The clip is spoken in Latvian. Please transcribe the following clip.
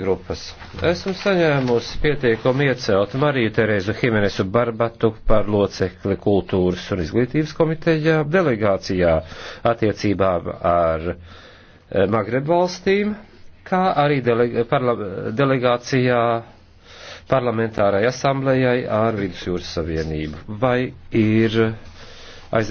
grupas. Esmu saņēmusi pieteikumu iecelt Mariju Terēzu Himenesu Barbatu par locekli kultūras un izglītības komitejā delegācijā attiecībām ar eh, Magreb valstīm, kā arī dele, parla, delegācijā parlamentārai asamblējai ar Vidusjūras Savienību. Vai ir